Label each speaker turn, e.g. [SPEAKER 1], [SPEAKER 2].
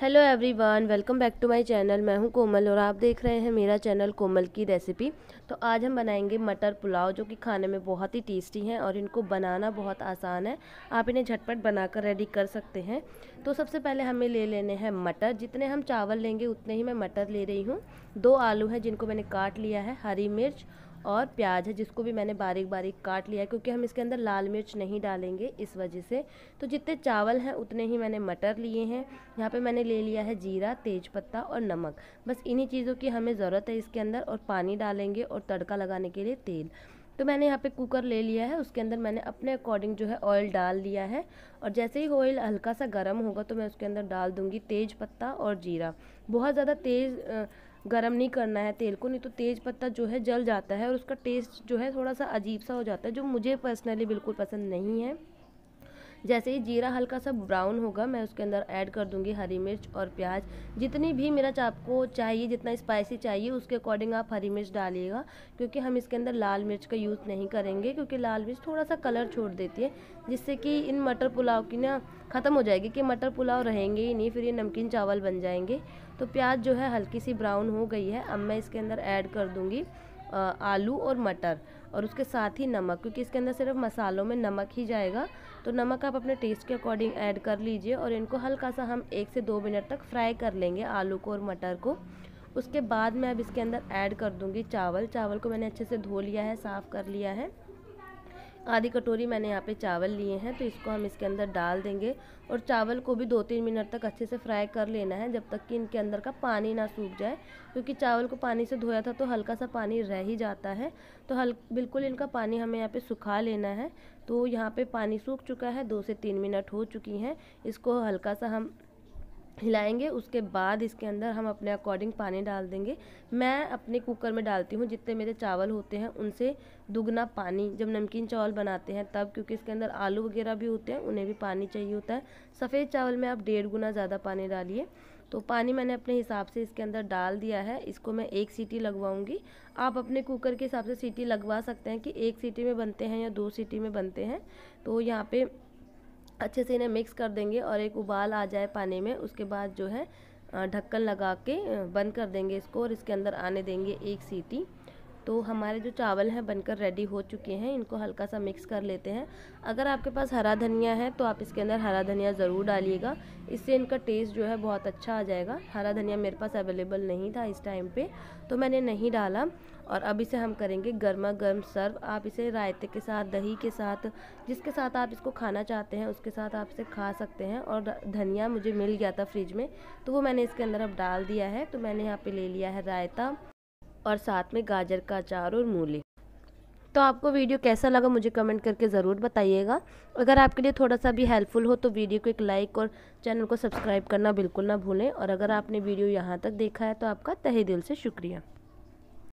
[SPEAKER 1] hello everyone welcome back to my channel मैं हूं कोमल और आप देख रहे हैं मेरा चैनल कोमल की रेसिपी तो आज हम बनाएंगे मटर पुलाव जो कि खाने में बहुत ही टेस्टी हैं और इनको बनाना बहुत आसान है आप इन्हें झटपट बनाकर रेडी कर सकते हैं तो सबसे पहले हमें ले लेने हैं मटर जितने हम चावल लेंगे उतने ही मैं मटर ले रही हूँ दो आलू हैं जिनको मैंने काट लिया है हरी मिर्च और प्याज है जिसको भी मैंने बारीक बारीक काट लिया है क्योंकि हम इसके अंदर लाल मिर्च नहीं डालेंगे इस वजह से तो जितने चावल हैं उतने ही मैंने मटर लिए हैं यहाँ पे मैंने ले लिया है जीरा तेज़पत्ता और नमक बस इन्हीं चीज़ों की हमें ज़रूरत है इसके अंदर और पानी डालेंगे और तड़का लगाने के लिए तेल तो मैंने यहाँ पे कुकर ले लिया है उसके अंदर मैंने अपने अकॉर्डिंग जो है ऑयल डाल दिया है और जैसे ही ऑयल हल्का सा गर्म होगा तो मैं उसके अंदर डाल दूँगी पत्ता और जीरा बहुत ज़्यादा तेज़ गर्म नहीं करना है तेल को नहीं तो तेज़ पत्ता जो है जल जाता है और उसका टेस्ट जो है थोड़ा सा अजीब सा हो जाता है जो मुझे पर्सनली बिल्कुल पसंद नहीं है जैसे ही जीरा हल्का सा ब्राउन होगा मैं उसके अंदर ऐड कर दूंगी हरी मिर्च और प्याज जितनी भी मेरा आपको चाहिए जितना स्पाइसी चाहिए उसके अकॉर्डिंग आप हरी मिर्च डालिएगा क्योंकि हम इसके अंदर लाल मिर्च का यूज़ नहीं करेंगे क्योंकि लाल मिर्च थोड़ा सा कलर छोड़ देती है जिससे कि इन मटर पुलाव की ना ख़त्म हो जाएगी कि मटर पुलाव रहेंगे ही नहीं फिर ये नमकीन चावल बन जाएंगे तो प्याज जो है हल्की सी ब्राउन हो गई है अब मैं इसके अंदर ऐड कर दूँगी आलू और मटर और उसके साथ ही नमक क्योंकि इसके अंदर सिर्फ मसालों में नमक ही जाएगा तो नमक आप अपने टेस्ट के अकॉर्डिंग ऐड कर लीजिए और इनको हल्का सा हम एक से दो मिनट तक फ्राई कर लेंगे आलू को और मटर को उसके बाद मैं अब इसके अंदर ऐड कर दूंगी चावल चावल को मैंने अच्छे से धो लिया है साफ़ कर लिया है आधी कटोरी मैंने यहाँ पे चावल लिए हैं तो इसको हम इसके अंदर डाल देंगे और चावल को भी दो तीन मिनट तक अच्छे से फ्राई कर लेना है जब तक कि इनके अंदर का पानी ना सूख जाए क्योंकि चावल को पानी से धोया था तो हल्का सा पानी रह ही जाता है तो हल बिल्कुल इनका पानी हमें यहाँ पे सुखा लेना है तो यहाँ पे पानी सूख चुका है दो से तीन मिनट हो चुकी हैं इसको हल्का सा हम हिलाएंगे उसके बाद इसके अंदर हम अपने अकॉर्डिंग पानी डाल देंगे मैं अपने कुकर में डालती हूँ जितने मेरे चावल होते हैं उनसे दुगना पानी जब नमकीन चावल बनाते हैं तब क्योंकि इसके अंदर आलू वगैरह भी होते हैं उन्हें भी पानी चाहिए होता है सफ़ेद चावल में आप डेढ़ गुना ज़्यादा पानी डालिए तो पानी मैंने अपने हिसाब से इसके अंदर डाल दिया है इसको मैं एक सीटी लगवाऊंगी आप अपने कुकर के हिसाब से सीटी लगवा सकते हैं कि एक सीटी में बनते हैं या दो सीटी में बनते हैं तो यहाँ पे अच्छे से इन्हें मिक्स कर देंगे और एक उबाल आ जाए पानी में उसके बाद जो है ढक्कन लगा के बंद कर देंगे इसको और इसके अंदर आने देंगे एक सीटी तो हमारे जो चावल हैं बनकर रेडी हो चुके हैं इनको हल्का सा मिक्स कर लेते हैं अगर आपके पास हरा धनिया है तो आप इसके अंदर हरा धनिया ज़रूर डालिएगा इससे इनका टेस्ट जो है बहुत अच्छा आ जाएगा हरा धनिया मेरे पास अवेलेबल नहीं था इस टाइम पे तो मैंने नहीं डाला और अब इसे हम करेंगे गर्मा गर्म सर्व आप इसे रायते के साथ दही के साथ जिसके साथ आप इसको खाना चाहते हैं उसके साथ आप इसे खा सकते हैं और धनिया मुझे मिल गया था फ्रिज में तो वो मैंने इसके अंदर अब डाल दिया है तो मैंने यहाँ पे ले लिया है रायता और साथ में गाजर का अचार और मूली तो आपको वीडियो कैसा लगा मुझे कमेंट करके ज़रूर बताइएगा अगर आपके लिए थोड़ा सा भी हेल्पफुल हो तो वीडियो को एक लाइक और चैनल को सब्सक्राइब करना बिल्कुल ना भूलें और अगर आपने वीडियो यहाँ तक देखा है तो आपका तहे दिल से शुक्रिया